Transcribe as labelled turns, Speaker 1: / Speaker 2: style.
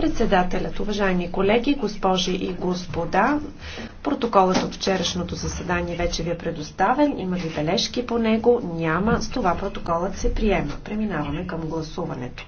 Speaker 1: Председателят, уважаеми колеги, госпожи и господа, протоколът от вчерашното заседание вече ви е предоставен. Има ли бележки по него? Няма. С това протоколът се приема. Преминаваме към гласуването.